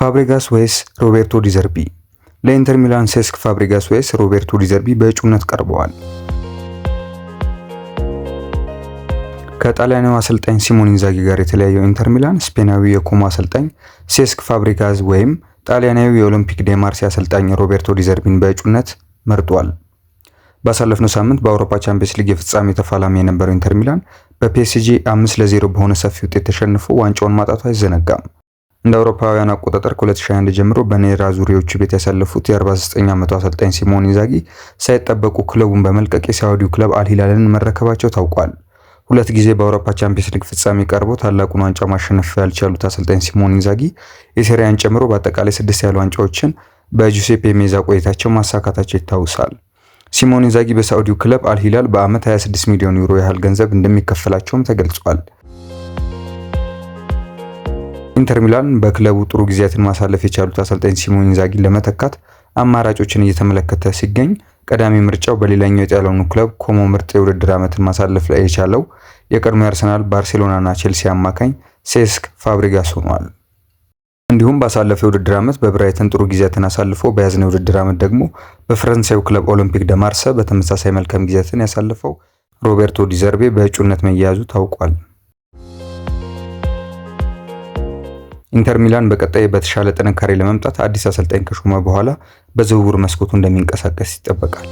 ፋብሬጋስ ወይስ ሮቤርቶ ዲዘርቢ? ለኢንተር ሚላን ሴስክ ፋብሬጋስ ወይስ ሮቤርቶ ዲዘርቢ በእጩነት ቀርበዋል። ከጣሊያናዊ አሰልጣኝ ሲሞን ኢንዛጊ ጋር የተለያየው ኢንተር ሚላን ስፔናዊ የኮሞ አሰልጣኝ ሴስክ ፋብሪጋዝ ወይም ጣሊያናዊ የኦሎምፒክ ዴ ማርሴይ አሰልጣኝ ሮቤርቶ ዲዘርቢን በእጩነት መርጧል። ባሳለፍነው ሳምንት በአውሮፓ ቻምፒየንስ ሊግ የፍጻሜ ተፋላሚ የነበረው ኢንተር ሚላን በፒኤስጂ አምስት ለዜሮ በሆነ ሰፊ ውጤት ተሸንፎ ዋንጫውን ማጣቱ አይዘነጋም። እንደ አውሮፓውያን አቆጣጠር ከ2021 ጀምሮ በኔራ ዙሪዎቹ ቤት ያሳለፉት የ49 ዓመቱ አሰልጣኝ ሲሞን ኢንዛጊ ሳይጠበቁ ክለቡን በመልቀቅ የሳውዲው ክለብ አልሂላልን መረከባቸው ታውቋል። ሁለት ጊዜ በአውሮፓ ቻምፒየንስ ሊግ ፍጻሜ ቀርቦ ታላቁን ዋንጫ ማሸነፍ ያልቻሉት አሰልጣኝ ሲሞን ኢንዛጊ የሴሪያን ጨምሮ በአጠቃላይ ስድስት ያሉ ዋንጫዎችን በጁሴፔ ሜዛ ቆይታቸው ማሳካታቸው ይታወሳል። ሲሞን ኢንዛጊ በሳውዲው ክለብ አልሂላል በዓመት 26 ሚሊዮን ዩሮ ያህል ገንዘብ እንደሚከፈላቸውም ተገልጿል። ኢንተር ሚላን በክለቡ ጥሩ ጊዜያትን ማሳለፍ የቻሉት አሰልጣኝ ሲሞን ኢንዛጊ ለመተካት አማራጮችን እየተመለከተ ሲገኝ ቀዳሚ ምርጫው በሌላኛው የጣሊያኑ ክለብ ኮሞ ምርጥ የውድድር ዓመትን ማሳለፍ ላይ የቻለው የቀድሞ የአርሰናል ባርሴሎናና ቼልሲ አማካኝ ሴስክ ፋብሪጋስ ሆኗል። እንዲሁም ባሳለፈው የውድድር ዓመት በብራይተን ጥሩ ጊዜያትን አሳልፎ በያዝነው የውድድር ዓመት ደግሞ በፈረንሳዩ ክለብ ኦሎምፒክ ደማርሰ በተመሳሳይ መልካም ጊዜያትን ያሳለፈው ሮቤርቶ ዲዘርቤ በእጩነት መያያዙ ታውቋል። ኢንተር ሚላን በቀጣይ በተሻለ ጥንካሬ ለመምጣት አዲስ አሰልጣኝ ከሾመ በኋላ በዝውውር መስኮቱ እንደሚንቀሳቀስ ይጠበቃል።